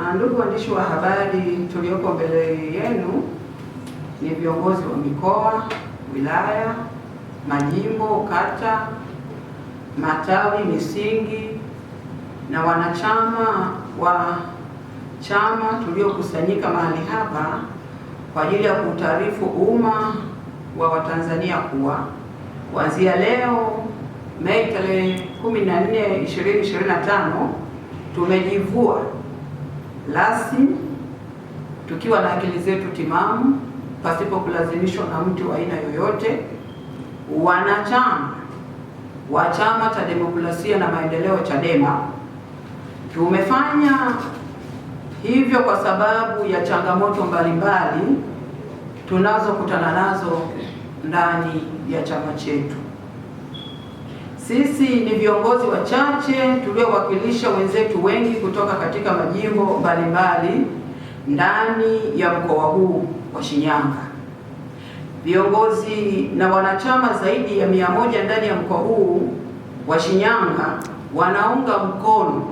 Ah, ndugu waandishi wa habari, tulioko mbele yenu ni viongozi wa mikoa, wilaya, majimbo, kata, matawi, misingi na wanachama wa chama tuliokusanyika mahali hapa kwa ajili ya kuutaarifu umma wa Watanzania kuwa kuanzia leo Mei tarehe 14 2025 tumejivua lasi, tukiwa na akili zetu timamu, pasipo kulazimishwa na mtu wa aina yoyote, wanachama wa Chama cha Demokrasia na Maendeleo, CHADEMA, tumefanya hivyo kwa sababu ya changamoto mbalimbali tunazokutana nazo ndani ya chama chetu. Sisi ni viongozi wachache tuliowakilisha wenzetu wengi kutoka katika majimbo mbalimbali ndani ya mkoa huu wa Shinyanga. Viongozi na wanachama zaidi ya mia moja ndani ya mkoa huu wa Shinyanga wanaunga mkono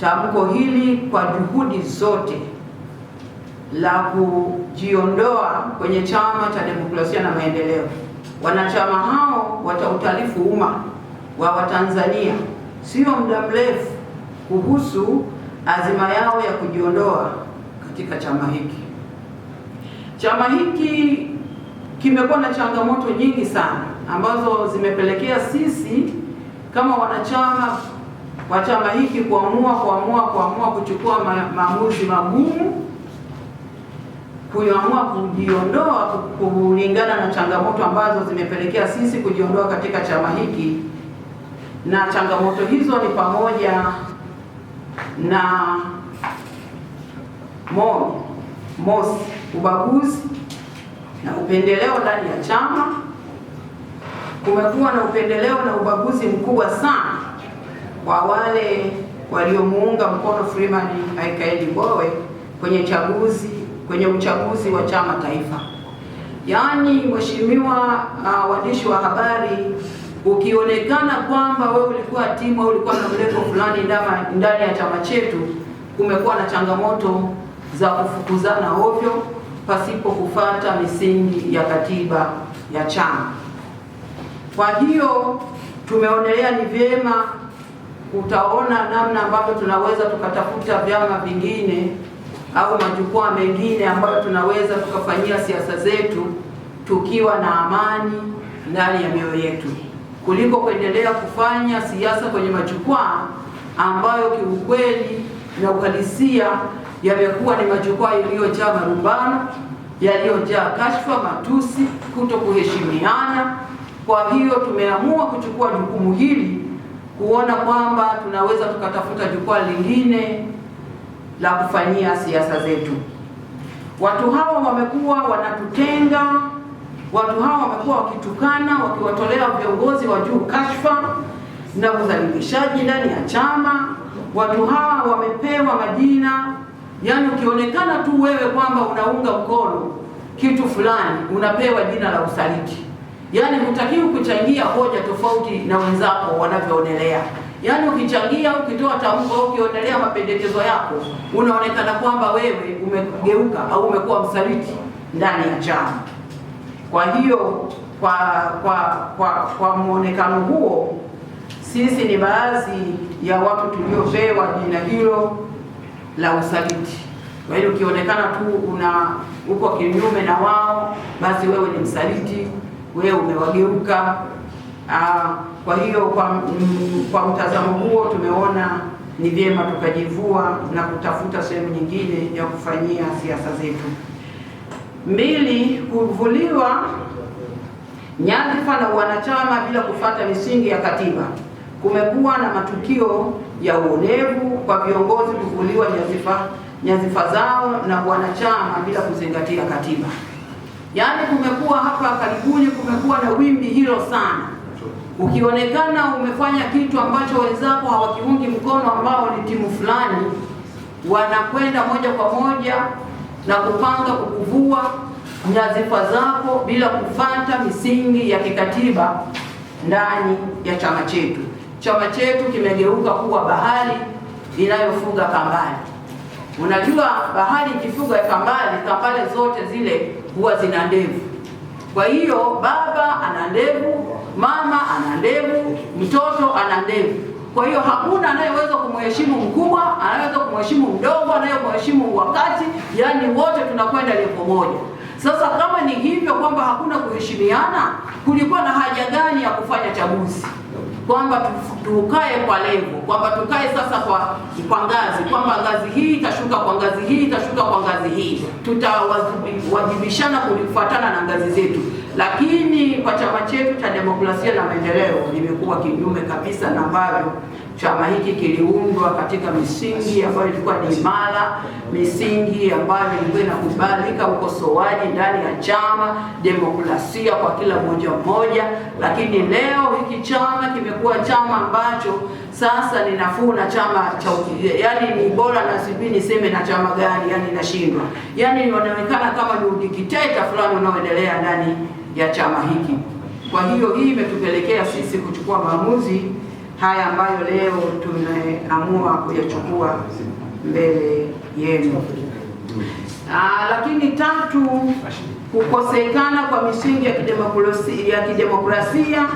tamko hili kwa juhudi zote la kujiondoa kwenye Chama cha Demokrasia na Maendeleo. Wanachama hao watautaarifu umma wa Watanzania sio muda mrefu kuhusu azima yao ya kujiondoa katika chama hiki. Chama hiki kimekuwa na changamoto nyingi sana ambazo zimepelekea sisi kama wanachama wa chama hiki kuamua kuamua kuamua kuchukua maamuzi magumu kuamua kujiondoa kulingana na changamoto ambazo zimepelekea sisi kujiondoa katika chama hiki na changamoto hizo ni pamoja na mo, mosi, ubaguzi na upendeleo ndani ya chama. Kumekuwa na upendeleo na ubaguzi mkubwa sana kwa wale waliomuunga mkono Freeman Aikaeli Mbowe kwenye chaguzi kwenye uchaguzi wa chama taifa. Yaani, mheshimiwa uh, waandishi wa habari ukionekana kwamba wewe ulikuwa timu au ulikuwa na mlengo fulani ndani ya chama chetu, kumekuwa na changamoto za kufukuzana ovyo pasipo kufata misingi ya katiba ya chama. Kwa hiyo tumeonelea ni vyema, utaona namna ambavyo tunaweza tukatafuta vyama vingine au majukwaa mengine ambayo tunaweza tukafanyia siasa zetu tukiwa na amani ndani ya mioyo yetu kuliko kuendelea kufanya siasa kwenye majukwaa ambayo kiukweli na uhalisia yamekuwa ni majukwaa yaliyojaa marumbano, yaliyojaa kashfa, matusi, kuto kuheshimiana. Kwa hiyo tumeamua kuchukua jukumu hili kuona kwamba tunaweza tukatafuta jukwaa lingine la kufanyia siasa zetu. Watu hawa wamekuwa wanatutenga Watu hawa wamekuwa wakitukana, wakiwatolea viongozi wa juu kashfa na udhalilishaji ndani ya chama. Watu hawa wamepewa majina, yaani ukionekana tu wewe kwamba unaunga mkono kitu fulani unapewa jina la usaliti, yaani hutakiwi kuchangia hoja tofauti na wenzako wanavyoonelea. Yaani ukichangia, ukitoa tamko au ukionelea mapendekezo yako, unaonekana kwamba wewe umegeuka au umekuwa msaliti ndani ya chama. Kwa hiyo kwa kwa kwa, kwa muonekano huo sisi ni baadhi ya watu tuliopewa jina hilo la usaliti. Kwa hiyo ukionekana tu una uko kinyume na wao, basi wewe ni msaliti, wewe umewageuka. Ah, kwa hiyo kwa, kwa mtazamo huo tumeona ni vyema tukajivua na kutafuta sehemu nyingine ya kufanyia siasa zetu. Mbili, kuvuliwa nyadhifa na wanachama bila kufata misingi ya katiba. Kumekuwa na matukio ya uonevu kwa viongozi kuvuliwa nyadhifa nyadhifa zao na wanachama bila kuzingatia katiba. Yaani, kumekuwa hapa karibuni, kumekuwa na wimbi hilo sana, ukionekana umefanya kitu ambacho wenzako hawakiungi mkono, ambao ni timu fulani, wanakwenda moja kwa moja na kupanga kukuvua nyadhifa zako bila kufata misingi ya kikatiba ndani ya chama chetu. Chama chetu kimegeuka kuwa bahari inayofuga kambali. Unajua, bahari ikifuga kambali, kambale zote zile huwa zina ndevu. Kwa hiyo baba ana ndevu, mama ana ndevu, mtoto ana ndevu. Kwa hiyo hakuna anayeweza kumheshimu mkubwa, anayeweza kumheshimu mdogo, anayemheshimu wakati, yaani wote tunakwenda lepo moja. Sasa kama ni hivyo kwamba hakuna kuheshimiana, kulikuwa na haja gani ya kufanya chaguzi? kwamba tukae kwa lengo kwamba tukae sasa kwa kwa ngazi kwamba ngazi hii itashuka kwa ngazi hii itashuka kwa ngazi hii, tutawajibishana kufuatana na ngazi zetu. Lakini kwa chama chetu cha demokrasia na maendeleo nimekuwa kinyume kabisa na ambavyo chama hiki kiliundwa katika misingi ambayo ilikuwa ni imara, misingi ambayo ilikuwa inakubalika, ukosoaji ndani ya chama, demokrasia kwa kila mmoja mmoja, lakini leo hiki chama kime kimekuwa chama ambacho sasa ni nafuu na chama cha Yani ni bora na sijui niseme na chama gani, yani nashindwa, yani inaonekana kama ni udikiteta fulani unaoendelea ndani ya chama hiki. Kwa hiyo hii imetupelekea sisi kuchukua maamuzi haya ambayo leo tumeamua kuyachukua mbele yenu. Aa, ah, lakini tatu kukosekana kwa misingi ya kidemokrasia, ya kidemokrasia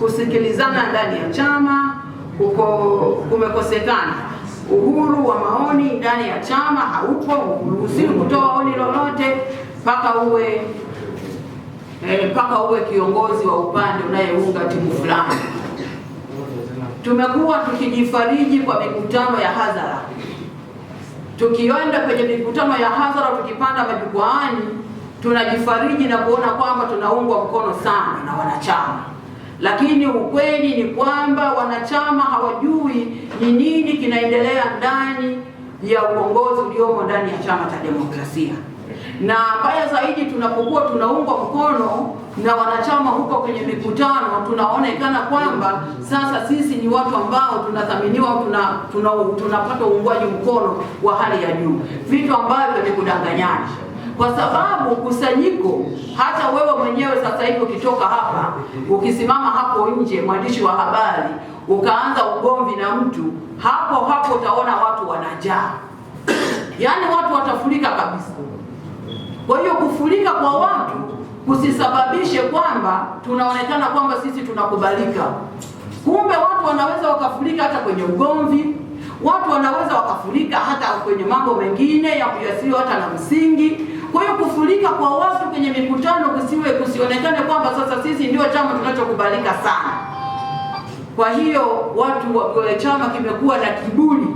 kusikilizana ndani ya chama uko kumekosekana uhuru wa maoni ndani ya chama haupo, huruhusiwi kutoa oni lolote mpaka uwe eh, mpaka eh, uwe kiongozi wa upande unayeunga timu fulani. Tumekuwa tukijifariji kwa mikutano ya hadhara, tukienda kwenye mikutano ya hadhara, tukipanda majukwaani tunajifariji na kuona kwamba tunaungwa mkono sana na wanachama, lakini ukweli ni kwamba wanachama hawajui ni nini kinaendelea ndani ya uongozi uliomo ndani ya Chama cha Demokrasia, na mbaya zaidi tunapokuwa tunaungwa mkono na wanachama huko kwenye mikutano, tunaonekana kwamba sasa sisi ni watu ambao tunathaminiwa, tuna, tuna, tuna uungwaji mkono wa hali ya juu, vitu ambavyo ni kudanganyana kwa sababu kusanyiko, hata wewe mwenyewe sasa hivi ukitoka hapa ukisimama hapo nje, mwandishi wa habari, ukaanza ugomvi na mtu, hapo hapo utaona watu wanajaa, yaani watu watafurika kabisa. Kwa hiyo kufurika kwa watu kusisababishe kwamba tunaonekana kwamba sisi tunakubalika. Kumbe watu wanaweza wakafurika hata kwenye ugomvi, watu wanaweza wakafurika hata kwenye mambo mengine ya kuyasio hata na msingi kwa hiyo kufurika kwa watu kwenye mikutano kusiwe kusionekane kwamba sasa sisi ndio chama tunachokubalika sana. Kwa hiyo watu wa eh, chama kimekuwa na kiburi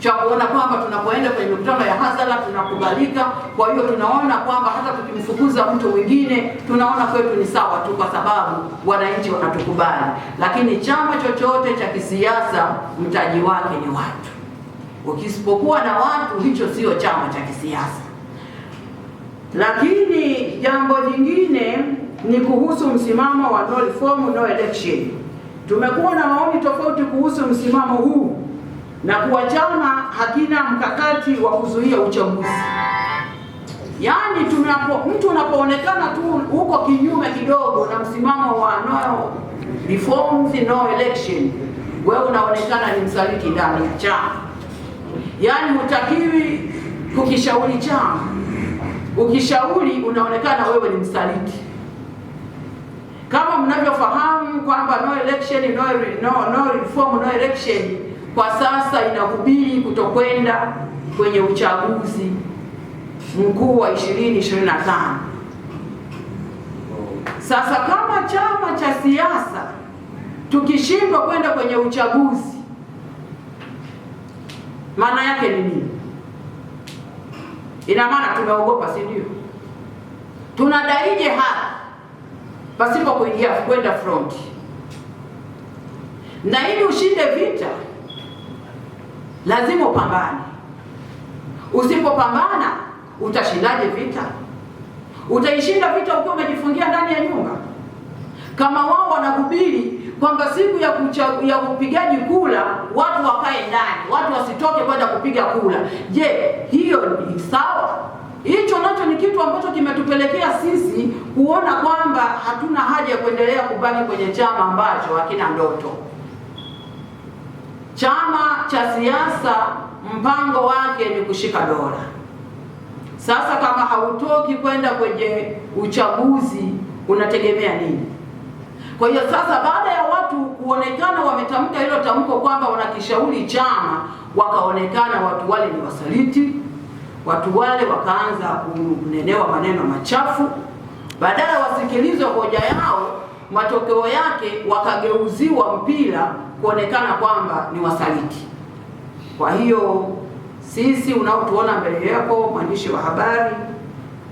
cha kuona kwamba tunapoenda kwenye mikutano ya hadhara tunakubalika. Kwa hiyo tunaona kwamba hata tukimfukuza mtu mwingine tunaona kwetu ni sawa tu, kwa sababu wananchi wanatukubali. Lakini chama chochote cha kisiasa mtaji wake ni watu, ukisipokuwa na watu hicho sio chama cha kisiasa. Lakini jambo jingine ni kuhusu msimamo wa no reform no election. Tumekuwa na maoni tofauti kuhusu msimamo huu na kuwa chama hakina mkakati wa kuzuia uchaguzi. Yaani, tunapo mtu unapoonekana tu huko kinyume kidogo na msimamo wa no reforms no election, wewe unaonekana ni msaliti ndani ya chama, yaani hutakiwi kukishauri chama Ukishauri unaonekana wewe ni msaliti, kama mnavyofahamu kwamba no election no, no, no reform no election kwa sasa inahubiri kutokwenda kwenye uchaguzi mkuu wa 2025. Sasa kama chama cha siasa tukishindwa kwenda kwenye uchaguzi maana yake ni nini? Ina maana tumeogopa, si ndio? Tunadaije hapa pasipo kuingia kwenda front? Na ili ushinde vita lazima upambane. Usipopambana utashindaje vita? Utaishinda vita ukiwa umejifungia ndani ya nyumba? Kama wao wanahubiri kwamba siku ya kucha, ya kupigaji kula watu wakae ndani, watu wasitoke kwenda kupiga kula. Je, hiyo ni sawa? Hicho nacho ni kitu ambacho kimetupelekea sisi kuona kwamba hatuna haja ya kuendelea kubaki kwenye chama ambacho hakina ndoto. Chama cha siasa mpango wake ni kushika dola. Sasa kama hautoki kwenda kwenye uchaguzi unategemea nini? Kwa hiyo sasa, baada ya watu kuonekana wametamka hilo tamko kwamba wanakishauri chama, wakaonekana watu wale ni wasaliti, watu wale wakaanza kunenewa maneno machafu, badala wasikilizwe hoja yao, matokeo yake wakageuziwa mpira kuonekana kwamba ni wasaliti. Kwa hiyo sisi unaotuona mbele yako, mwandishi wa habari,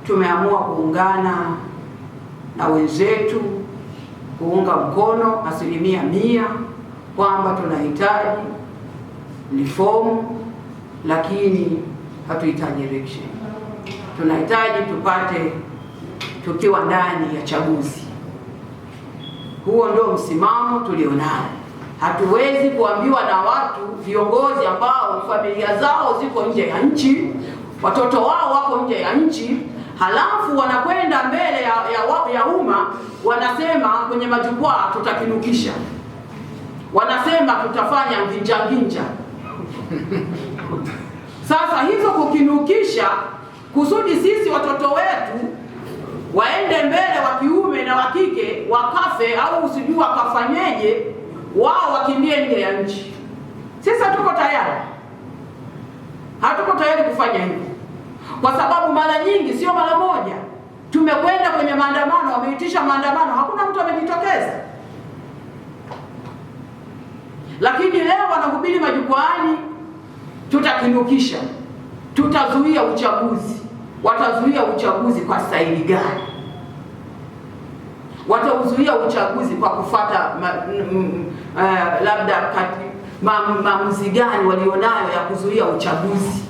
tumeamua kuungana na wenzetu kuunga mkono asilimia mia kwamba tunahitaji reform, lakini hatuhitaji election. Tunahitaji tupate tukiwa ndani ya chaguzi. Huo ndio msimamo tulionao. Hatuwezi kuambiwa na watu viongozi ambao familia zao ziko nje ya nchi, watoto wao wako nje ya nchi halafu wanakwenda mbele ya, ya, ya umma wanasema kwenye majukwaa tutakinukisha, wanasema tutafanya nginja nginja. Sasa hizo kukinukisha kusudi sisi watoto wetu waende mbele wa kiume na wa kike wakafe, au usijui wakafanyeje, wao wakimbie nje ya nchi. Sisi hatuko tayari, hatuko tayari kufanya hivyo kwa sababu mara nyingi, sio mara moja, tumekwenda kwenye maandamano, wameitisha maandamano, hakuna mtu amejitokeza, lakini leo wanahubiri majukwaani, tutakinukisha, tutazuia uchaguzi. Watazuia uchaguzi kwa staili gani? Watauzuia uchaguzi kwa kufuata eh, labda maamuzi gani walionayo ya kuzuia uchaguzi?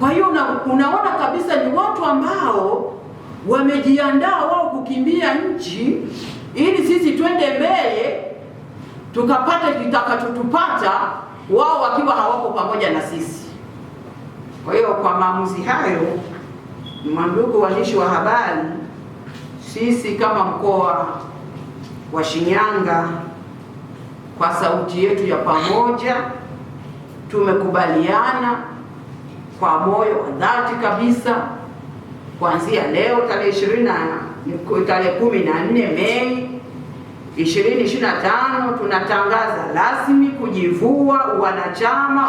Kwa hiyo una, unaona kabisa ni watu ambao wamejiandaa wao kukimbia nchi ili sisi twende mbele tukapate kitakachotupata wao wakiwa hawako pamoja na sisi. Kwa hiyo kwa maamuzi hayo, mwandugu waandishi wa habari, sisi kama mkoa wa Shinyanga kwa sauti yetu ya pamoja tumekubaliana kwa moyo wa dhati kabisa kuanzia leo tarehe ishirini tarehe kumi na nne Mei 2025 tunatangaza rasmi kujivua wanachama